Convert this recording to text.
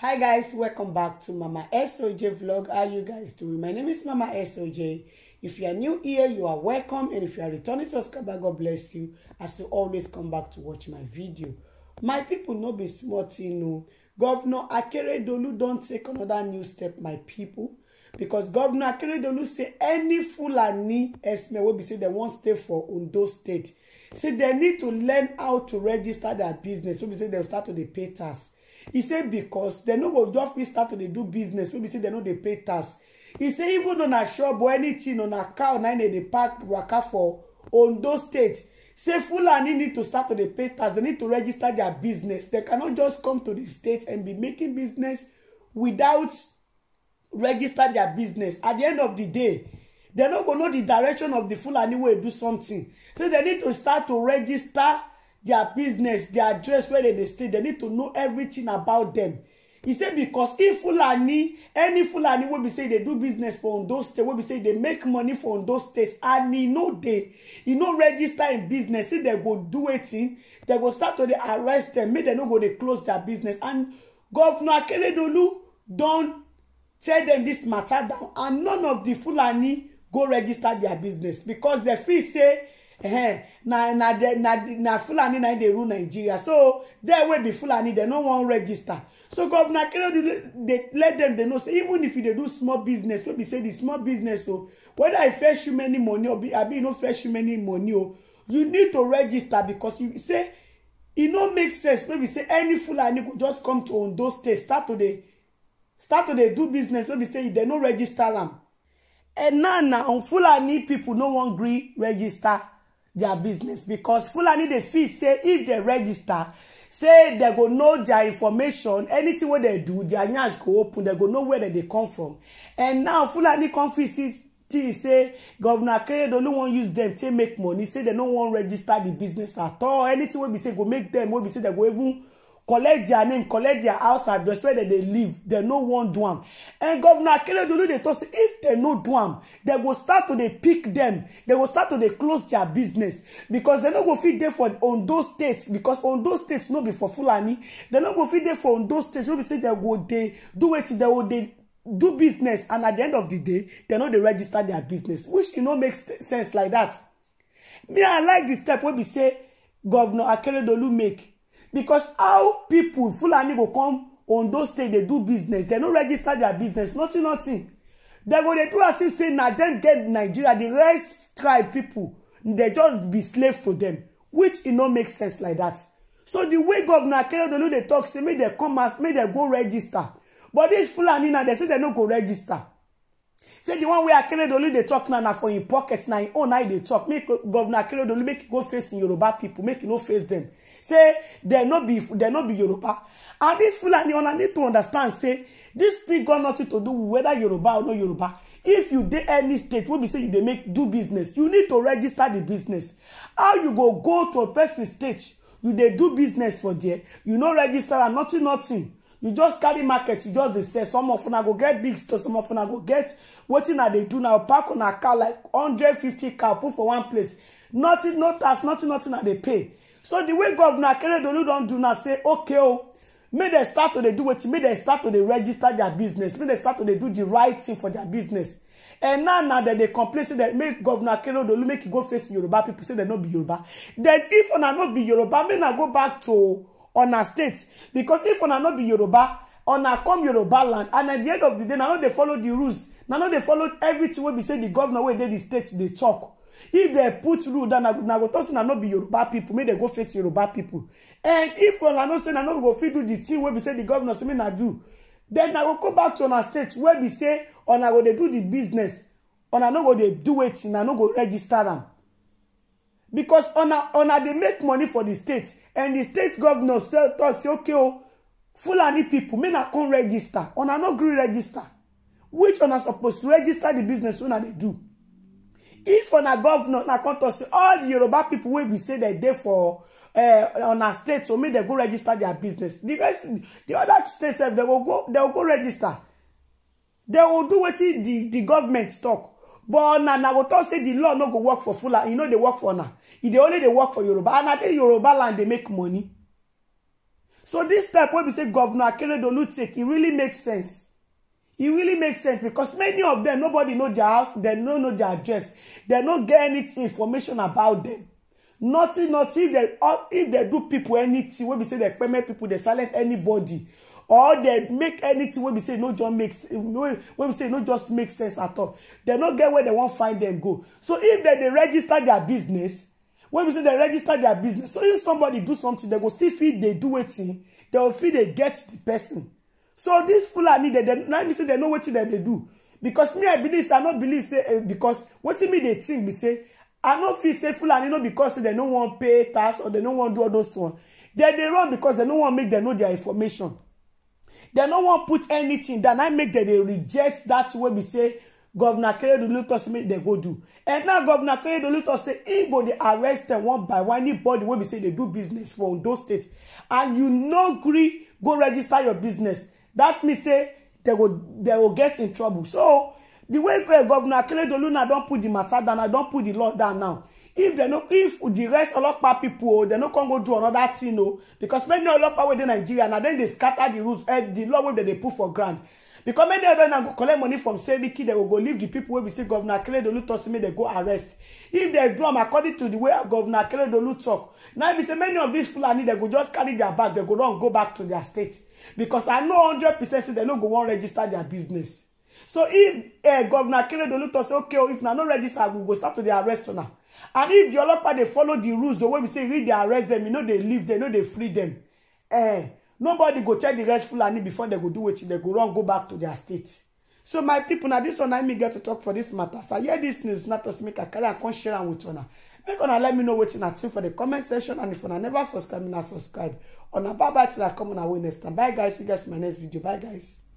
hi guys welcome back to mama soj vlog how you guys doing my name is mama soj if you are new here you are welcome and if you are returning subscriber god bless you as you always come back to watch my video my people no be small tin o governor akeredolu don't take another new step my people because governor akeredolu say any fulani herdsmen will be say they won't stay for ondo state say they need to learn how to register their business Will be say dem start to the pay tax e say becos dem no go just fit start to do business wey be say dem no dey pay tax He said even on a shop or anything on a car or im they park worker for on those states. say fulani need to start to dey pay tax They need to register their business They cannot just come to the state and be making business without register their business at the end of the day they're not going to know the direction of di fulani to do something so they need to start to register their business their address where they stay they need to know everything about them He say because if fulani any fulani wey be say dey do business for ondo state wey be say dey make money for ondo state and e no dey e no register im business say dem go do wetin dem go start to dey arrest dem make dem no go dey close their business and governor akeredolu don tell dem dis matter down and none of di fulani go register their business because dem feel say eh na na na na fulani na dey rule nigeria so there will be fulani they no wan register so governor they let them they know say even if you dey do small business wey be say the small business o oh, whether I fetch you many money or be I be no fetch you many money oh you need to register because you say it e no make sense wey be say any fulani could just come to on those state start today start today do business wey be say they no register them and now na fulani people no wan gree register their business because fulani dey feel say if they register say they go know their information anything wey they do their yansh go open They go know where dem dey come from and now fulani come feel see say governor akeredolu wan use dem take make money say dem no wan register the business at all anything wey be say go make dem wey be say dem go even collect their name collect their house address where they dey live They no wan do am and governor akeredolu dey talk say if they no do am they go start to dey pick them. They go start to dey close their business because they no go fit dey for ondo state because ondo state no be for fulani They no go fit dey for ondo state no be say they go dey do wetin They go dey do business and at the end of the day they no dey register their business which e no make sense like that me i like the step wey be say governor akeredolu make because how people fulani go come on those state dey do business dem no register their business nothing nothing dem go dey do as if say na dem get nigeria the rest tribe people dey just be slave to dem which e no make sense like that so the way governor akeredolu dey talk say make dem come as make dem go register but these fulani na dey say dem no go register say the one wey akeredolu they talk now na for im pocket now in own eye they talk make governor akeredolu make you go face in yoruba people make you no face them say they no be they no be yoruba and dis fulani una need to understand say this thing got nothing to do with whether yoruba or no yoruba if you dey any state wey be say you dey make do business you need to register the business how you go go to a person stage you dey do business for there you no register and nothing nothing you just carry market you just dey sell some of una go get big store some of una go get wetin i dey do now park una car like hundred fifty car put for one place nothing no tax nothing nothing i dey pay so the way governor akeredolu don do now say okay o oh, make dem start to dey do wetin make dem start to dey register their business make dem start to dey do the right thing for their business and now na dem dey complain say dem make governor akeredolu make e go face yoruba people say dem no be yoruba then if una no be yoruba make una go back to On our state because if una no be yoruba una come yoruba land and at the end of the day na no dey follow the rules na no dey follow everything wey be say the governor wey dey the state dey talk. if dem put rule down na go talk say na no be yoruba people, make dem go face yoruba people. and if una know say na no go fit do di tin wey be say di governor say make na do then na go go back to una state wey be say una go dey do the business una no go dey do wetin una no go register am because una una dey make money for the state and the state governor govnor tok say okay o oh, fulani people may na come register una no gree register which una suppose to register the business una dey do if una governor na come tok say all the yoruba people wey be say dem dey for eh, una state so make dem go register their business di rest di oda state sef dem go go register dem go do wetin the government talk but na na go talk say the law no go work for fulani You e know they work for na If e they only they work for yoruba and i think yoruba land dey make money so this step when we say govnor akeredolu take It e really makes sense It really makes sense because many of them nobody know their house They no know their address They no get any information about them. nothing nothing if they do people anything when we say they permit people, they silent anybody or they make anything wey be say no just make wey be say no just make sense at all They no get where they wan find them go so if they dey register their business wey be say they register their business so if somebody do something they go still fit dey do wetin They go fit dey get the person so dis fulani dem na me say they know wetin dem dey do because me i believe say i no believe say eh, because wetin me dey think be say i no feel say fulani no because say dem no wan pay tax or they no wan do all those one dem dey run because dem no wan make dem know their information dem no wan put anything that I make dem dey reject dat wey be say governor akeredolu tok say make dem go do and now governor akeredolu tok say im go dey arrest dem one by one anybody wey be say dey do business for ondo state and you no gree go register your business dat mean say dem go get in trouble so di way eh, governor akeredolu na don put di matter down na don put di law down now if they no if the rest olopa pipo o they no come go do another thing o oh, because many olopa wey dey nigeria na then they scatter the rules eh, the law wey dem dey put for ground because many of them go collect money from seriki they will go leave the people wey be say governor akeredolu tok say make dem go arrest if they do am according to the way governor akeredolu tok now be say many of dis fulani they go just carry their bag they go run go back to their state because i know hundred percent say dem no go wan register their business so if uh, governor akeredolu talk say okay oh if na no register we go start to the arrest now. and if the ọlọ́pàá they follow the rules the oh, way we say we they arrest them you know they leave them you know they free them eh, nobody go check the red fulani before they go do it. they go run go back to their state so my people now, this one I me get to talk for this matter so i hear this news not just make a carry am come share am with una make una let me know wetin i think for the comment section and if una never subscribe una subscribe On a bye bye till i come on our next time bye guys see you guys in my next video bye guys.